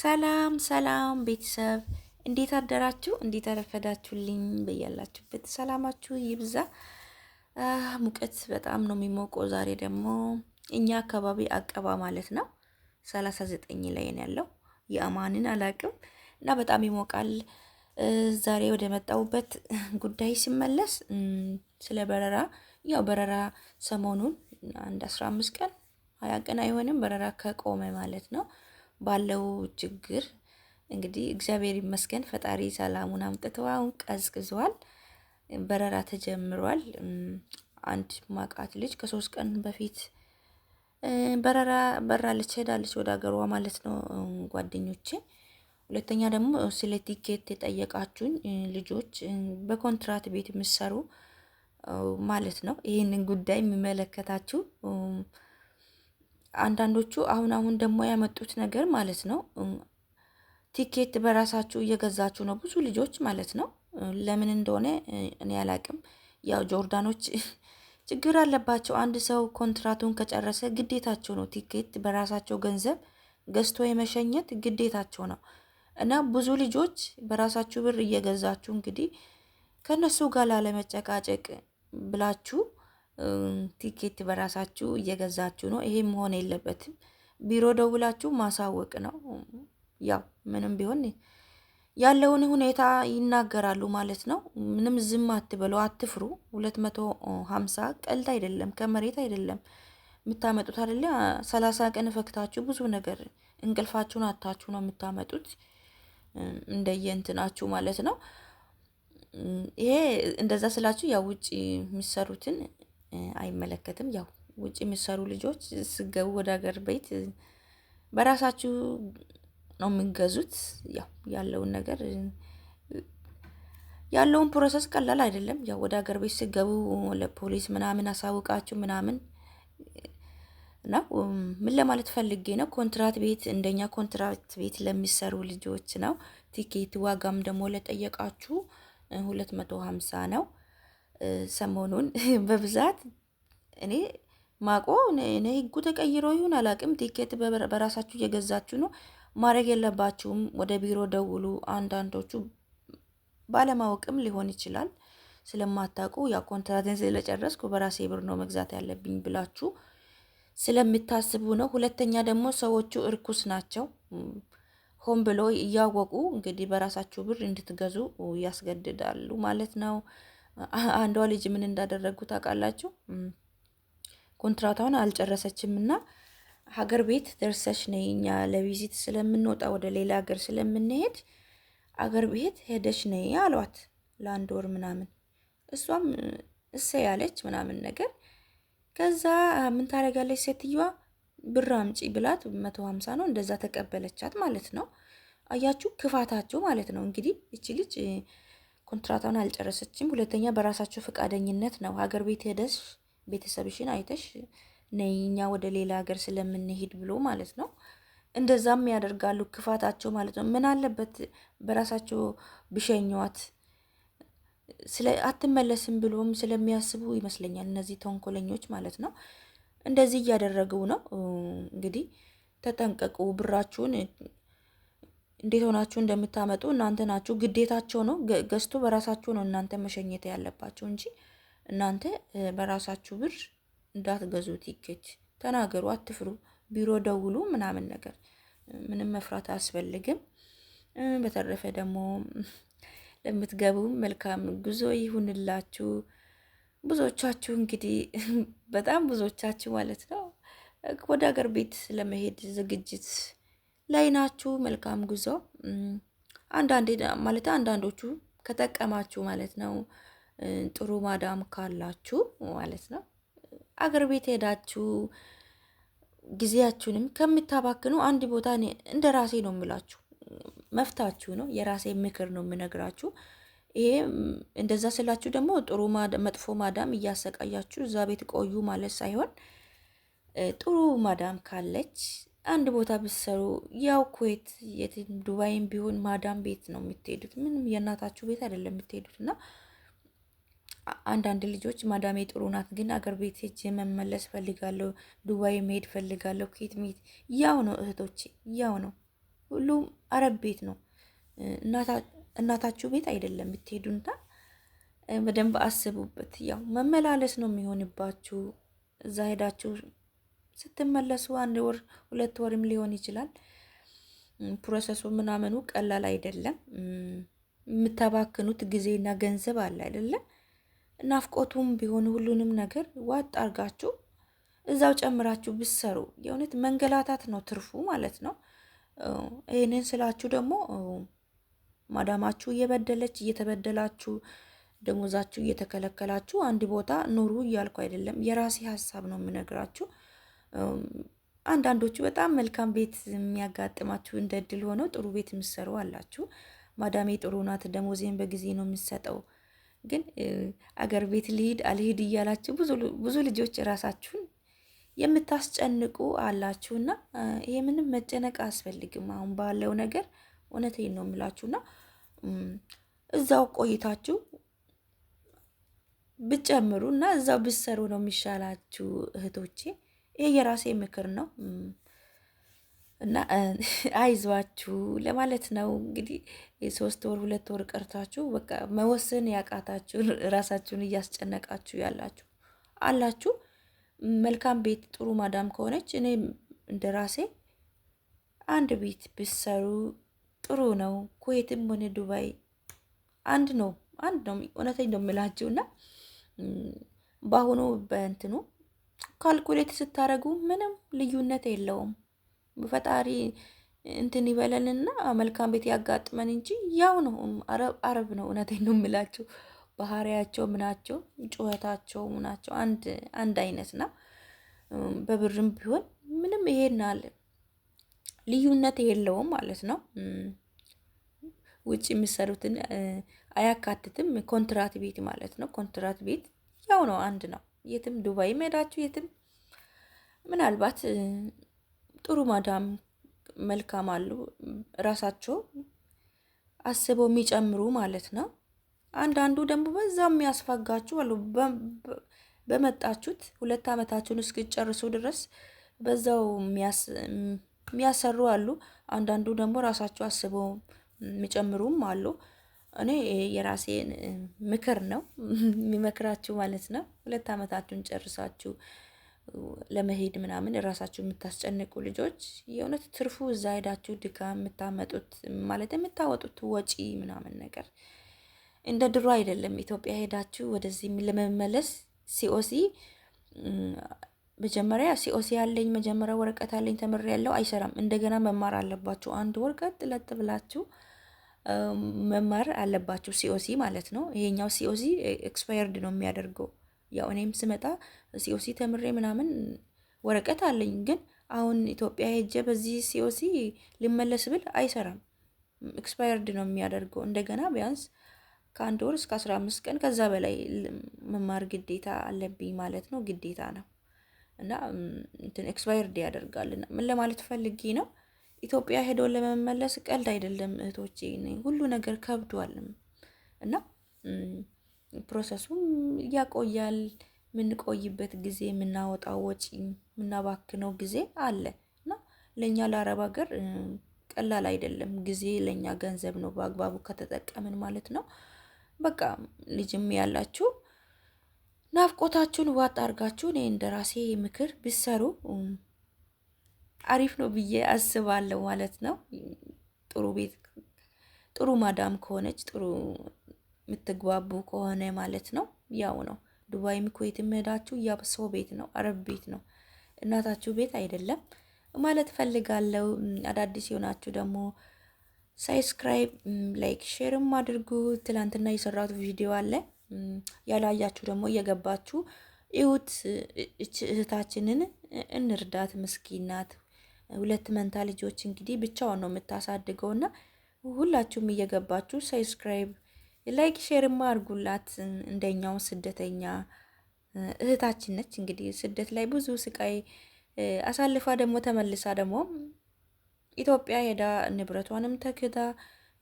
ሰላም ሰላም ቤተሰብ እንዴት አደራችሁ? እንዴት አረፈዳችሁልኝ? በያላችሁበት ሰላማችሁ ይብዛ። ሙቀት በጣም ነው የሚሞቀው። ዛሬ ደግሞ እኛ አካባቢ አቀባ ማለት ነው 39 ላይ ነው ያለው የአማንን አላቅም እና በጣም ይሞቃል። ዛሬ ወደ መጣሁበት ጉዳይ ሲመለስ ስለ በረራ ያው በረራ ሰሞኑን አንድ 15 ቀን ሀያ ቀን አይሆንም በረራ ከቆመ ማለት ነው ባለው ችግር እንግዲህ እግዚአብሔር ይመስገን ፈጣሪ ሰላሙን አምጥተው አሁን ቀዝቅዟል። በረራ ተጀምሯል። አንድ ማቃት ልጅ ከሶስት ቀን በፊት በረራ በራለች ሄዳለች ወደ ሀገሯ ማለት ነው ጓደኞቼ። ሁለተኛ ደግሞ ስለ ቲኬት የጠየቃችሁኝ ልጆች በኮንትራት ቤት የምትሰሩ ማለት ነው ይህንን ጉዳይ የሚመለከታችሁ አንዳንዶቹ አሁን አሁን ደግሞ ያመጡት ነገር ማለት ነው ቲኬት በራሳችሁ እየገዛችሁ ነው ብዙ ልጆች ማለት ነው። ለምን እንደሆነ እኔ አላቅም። ያው ጆርዳኖች ችግር አለባቸው። አንድ ሰው ኮንትራቱን ከጨረሰ ግዴታቸው ነው ቲኬት በራሳቸው ገንዘብ ገዝቶ የመሸኘት ግዴታቸው ነው እና ብዙ ልጆች በራሳችሁ ብር እየገዛችሁ እንግዲህ ከእነሱ ጋር ላለመጨቃጨቅ ብላችሁ ቲኬት በራሳችሁ እየገዛችሁ ነው። ይሄ መሆን የለበትም። ቢሮ ደውላችሁ ማሳወቅ ነው። ያው ምንም ቢሆን ያለውን ሁኔታ ይናገራሉ ማለት ነው። ምንም ዝም አትበሉ፣ አትፍሩ። ሁለት መቶ ሀምሳ ቀልድ አይደለም፣ ከመሬት አይደለም የምታመጡት አይደለ። ሰላሳ ቀን ፈክታችሁ ብዙ ነገር እንቅልፋችሁን አታችሁ ነው የምታመጡት፣ እንደየእንትናችሁ ማለት ነው። ይሄ እንደዛ ስላችሁ ያው ውጭ የሚሰሩትን አይመለከትም። ያው ውጭ የሚሰሩ ልጆች ስገቡ ወደ ሀገር ቤት በራሳችሁ ነው የሚገዙት። ያው ያለውን ነገር ያለውን ፕሮሰስ ቀላል አይደለም። ያው ወደ ሀገር ቤት ስገቡ ለፖሊስ ምናምን አሳውቃችሁ ምናምን ነው። ምን ለማለት ፈልጌ ነው? ኮንትራት ቤት እንደኛ ኮንትራት ቤት ለሚሰሩ ልጆች ነው። ቲኬት ዋጋም ደግሞ ለጠየቃችሁ ሁለት መቶ ሀምሳ ነው። ሰሞኑን በብዛት እኔ ማቆ እኔ ህጉ ተቀይሮ ይሁን አላቅም፣ ቲኬት በራሳችሁ እየገዛችሁ ነው ማድረግ የለባችሁም። ወደ ቢሮ ደውሉ። አንዳንዶቹ ባለማወቅም ሊሆን ይችላል ስለማታውቁ፣ ያ ኮንትራቴን ስለጨረስኩ በራሴ ብር ነው መግዛት ያለብኝ ብላችሁ ስለምታስቡ ነው። ሁለተኛ ደግሞ ሰዎቹ እርኩስ ናቸው። ሆን ብሎ እያወቁ እንግዲህ በራሳችሁ ብር እንድትገዙ ያስገድዳሉ ማለት ነው። አንዷ ልጅ ምን እንዳደረጉ ታውቃላችሁ? ኮንትራቷን አልጨረሰችም እና ሀገር ቤት ደርሰሽ ነይ፣ እኛ ለቪዚት ስለምንወጣ ወደ ሌላ ሀገር ስለምንሄድ አገር ቤት ሄደሽ ነይ አሏት ለአንድ ወር ምናምን። እሷም እሰ ያለች ምናምን ነገር። ከዛ ምን ታደርጋለች ሴትዮዋ ብር አምጪ ብላት መቶ ሀምሳ ነው እንደዛ ተቀበለቻት ማለት ነው። አያችሁ ክፋታቸው ማለት ነው። እንግዲህ እቺ ልጅ ኮንትራቷን አልጨረሰችም። ሁለተኛ በራሳቸው ፈቃደኝነት ነው። ሀገር ቤት ሄደሽ ቤተሰብሽን አይተሽ ነይ እኛ ወደ ሌላ ሀገር ስለምንሄድ ብሎ ማለት ነው። እንደዛም ያደርጋሉ። ክፋታቸው ማለት ነው። ምን አለበት በራሳቸው ብሸኘዋት ስለ አትመለስም ብሎም ስለሚያስቡ ይመስለኛል እነዚህ ተንኮለኞች ማለት ነው። እንደዚህ እያደረጉ ነው። እንግዲህ ተጠንቀቁ ብራችሁን እንዴት ሆናችሁ እንደምታመጡ እናንተ ናችሁ። ግዴታቸው ነው ገዝቶ በራሳችሁ ነው እናንተ መሸኘት ያለባቸው እንጂ እናንተ በራሳችሁ ብር እንዳትገዙ ቲኬት። ተናገሩ፣ አትፍሩ፣ ቢሮ ደውሉ ምናምን ነገር ምንም መፍራት አያስፈልግም። በተረፈ ደግሞ ለምትገቡ መልካም ጉዞ ይሁንላችሁ። ብዙዎቻችሁ እንግዲህ በጣም ብዙዎቻችሁ ማለት ነው ወደ ሀገር ቤት ለመሄድ ዝግጅት ለዓይናችሁ መልካም ጉዞ። አንዳንዴ ማለት አንዳንዶቹ ከጠቀማችሁ ማለት ነው። ጥሩ ማዳም ካላችሁ ማለት ነው። አገር ቤት ሄዳችሁ ጊዜያችሁንም ከምታባክኑ አንድ ቦታ እንደ ራሴ ነው የምላችሁ፣ መፍታችሁ ነው የራሴ ምክር ነው የምነግራችሁ። ይሄ እንደዛ ስላችሁ ደግሞ ጥሩ መጥፎ ማዳም እያሰቃያችሁ እዛ ቤት ቆዩ ማለት ሳይሆን ጥሩ ማዳም ካለች አንድ ቦታ ብትሰሩ ያው ኩዌት ዱባይም ቢሆን ማዳም ቤት ነው የምትሄዱት። ምንም የእናታችሁ ቤት አይደለም የምትሄዱት። እና አንዳንድ ልጆች ማዳሜ ጥሩ ናት፣ ግን አገር ቤት ሄጄ መመለስ ፈልጋለሁ፣ ዱባይ መሄድ ፈልጋለሁ፣ ኩዌት መሄድ ያው ነው እህቶቼ፣ ያው ነው። ሁሉም አረብ ቤት ነው፣ እናታችሁ ቤት አይደለም የምትሄዱና በደንብ አስቡበት። ያው መመላለስ ነው የሚሆንባችሁ እዛ ሄዳችሁ ስትመለሱ አንድ ወር ሁለት ወርም ሊሆን ይችላል። ፕሮሰሱ ምናምኑ ቀላል አይደለም። የምታባክኑት ጊዜና ገንዘብ አለ አይደለም። ናፍቆቱም ቢሆን ሁሉንም ነገር ዋጥ አርጋችሁ እዛው ጨምራችሁ ብሰሩ የእውነት መንገላታት ነው ትርፉ ማለት ነው። ይህንን ስላችሁ ደግሞ ማዳማችሁ እየበደለች እየተበደላችሁ ደሞዛችሁ እየተከለከላችሁ አንድ ቦታ ኑሩ እያልኩ አይደለም። የራሴ ሀሳብ ነው የምነግራችሁ። አንዳንዶቹ በጣም መልካም ቤት የሚያጋጥማችሁ እንደ እድል ሆነው ጥሩ ቤት የምትሰሩ አላችሁ። ማዳሜ ጥሩ ናት፣ ደሞዜን በጊዜ ነው የምሰጠው። ግን አገር ቤት ልሂድ አልሂድ እያላችሁ ብዙ ልጆች ራሳችሁን የምታስጨንቁ አላችሁና ይሄ ምንም መጨነቅ አያስፈልግም። አሁን ባለው ነገር እውነቴን ነው የምላችሁና እዛው ቆይታችሁ ብጨምሩ እና እዛው ብሰሩ ነው የሚሻላችሁ እህቶቼ። ይሄ የራሴ ምክር ነው እና አይዟችሁ ለማለት ነው። እንግዲህ ሶስት ወር ሁለት ወር ቀርታችሁ በቃ መወሰን ያቃታችሁ ራሳችሁን እያስጨነቃችሁ ያላችሁ አላችሁ። መልካም ቤት ጥሩ ማዳም ከሆነች እኔ እንደ ራሴ አንድ ቤት ብሰሩ ጥሩ ነው። ኩዌትም ሆነ ዱባይ አንድ ነው፣ አንድ ነው። እውነተኝ ነው የምላችሁ እና በአሁኑ በእንትኑ ካልኩሌት ስታደርጉ ምንም ልዩነት የለውም። በፈጣሪ እንትን ይበለንና መልካም ቤት ያጋጥመን እንጂ ያው ነው። አረብ ነው። እውነቴን ነው የምላቸው ባህሪያቸው፣ ምናቸው፣ ጩኸታቸው፣ ምናቸው አንድ አንድ አይነት ና በብርም ቢሆን ምንም ይሄናል ልዩነት የለውም ማለት ነው። ውጭ የሚሰሩትን አያካትትም። ኮንትራት ቤት ማለት ነው። ኮንትራት ቤት ያው ነው፣ አንድ ነው። የትም ዱባይ መሄዳችሁ የትም ምናልባት ጥሩ ማዳም መልካም አሉ ራሳቸው አስበው የሚጨምሩ ማለት ነው። አንዳንዱ ደግሞ በዛ የሚያስፈጋችሁ አሉ። በመጣችሁት ሁለት ዓመታችሁን እስክጨርሱ ድረስ በዛው የሚያሰሩ አሉ። አንዳንዱ ደግሞ ራሳቸው አስበው የሚጨምሩም አሉ። እኔ የራሴን ምክር ነው የሚመክራችሁ ማለት ነው። ሁለት ዓመታችሁን ጨርሳችሁ ለመሄድ ምናምን ራሳችሁ የምታስጨንቁ ልጆች የእውነት ትርፉ እዛ ሄዳችሁ ድካም የምታመጡት ማለት የምታወጡት ወጪ ምናምን ነገር እንደ ድሮ አይደለም። ኢትዮጵያ ሄዳችሁ ወደዚህ ለመመለስ ሲኦሲ መጀመሪያ ሲኦሲ ያለኝ መጀመሪያ ወረቀት አለኝ ተምሬ ያለው አይሰራም። እንደገና መማር አለባችሁ። አንድ ወር ቀጥ ለጥ ብላችሁ መማር አለባቸው። ሲኦሲ ማለት ነው። ይሄኛው ሲኦሲ ኤክስፓየርድ ነው የሚያደርገው። ያው እኔም ስመጣ ሲኦሲ ተምሬ ምናምን ወረቀት አለኝ፣ ግን አሁን ኢትዮጵያ ሄጄ በዚህ ሲኦሲ ልመለስ ብል አይሰራም። ኤክስፓየርድ ነው የሚያደርገው። እንደገና ቢያንስ ከአንድ ወር እስከ አስራ አምስት ቀን ከዛ በላይ መማር ግዴታ አለብኝ ማለት ነው። ግዴታ ነው እና እንትን ኤክስፓየርድ ያደርጋል። ምን ለማለት ፈልጌ ነው ኢትዮጵያ ሄዶ ለመመለስ ቀልድ አይደለም እህቶቼ፣ ሁሉ ነገር ከብዷልም እና ፕሮሰሱም ያቆያል። የምንቆይበት ጊዜ የምናወጣው ወጪ የምናባክነው ጊዜ አለ እና ለእኛ ለአረብ ሀገር ቀላል አይደለም። ጊዜ ለእኛ ገንዘብ ነው፣ በአግባቡ ከተጠቀምን ማለት ነው። በቃ ልጅም ያላችሁ ናፍቆታችሁን ዋጥ አድርጋችሁ እኔ እንደ ራሴ ምክር ቢሰሩ አሪፍ ነው ብዬ አስባለሁ ማለት ነው። ጥሩ ቤት ጥሩ ማዳም ከሆነች ጥሩ የምትግባቡ ከሆነ ማለት ነው። ያው ነው ዱባይም ኩዌት የምሄዳችሁ ያ ሰው ቤት ነው፣ አረብ ቤት ነው፣ እናታችሁ ቤት አይደለም ማለት ፈልጋለሁ። አዳዲስ የሆናችሁ ደግሞ ሳብስክራይብ፣ ላይክ፣ ሼርም አድርጉ። ትላንትና የሰራሁት ቪዲዮ አለ ያላያችሁ ደግሞ እየገባችሁ ይሁት። እህታችንን እንርዳት፣ ምስኪናት ሁለት መንታ ልጆች እንግዲህ ብቻዋን ነው የምታሳድገው እና ሁላችሁም እየገባችሁ ሰብስክራይብ፣ ላይክ፣ ሼርማ አድርጉላት። እንደኛው ስደተኛ እህታችን ነች። እንግዲህ ስደት ላይ ብዙ ስቃይ አሳልፋ ደግሞ ተመልሳ ደግሞ ኢትዮጵያ ሄዳ ንብረቷንም ተክታ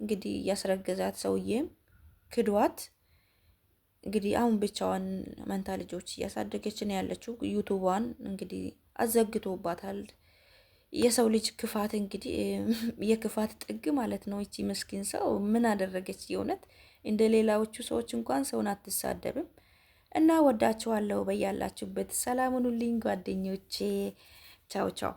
እንግዲህ እያስረገዛት ሰውዬም ክዷት እንግዲህ አሁን ብቻዋን መንታ ልጆች እያሳደገች ነው ያለችው። ዩቱቧን እንግዲህ አዘግቶባታል። የሰው ልጅ ክፋት እንግዲህ የክፋት ጥግ ማለት ነው። ይቺ ምስኪን ሰው ምን አደረገች? የእውነት እንደ ሌላዎቹ ሰዎች እንኳን ሰውን አትሳደብም። እና ወዳችኋለሁ። በያላችሁበት ሰላሙን ሁልኝ ጓደኞቼ። ቻው ቻው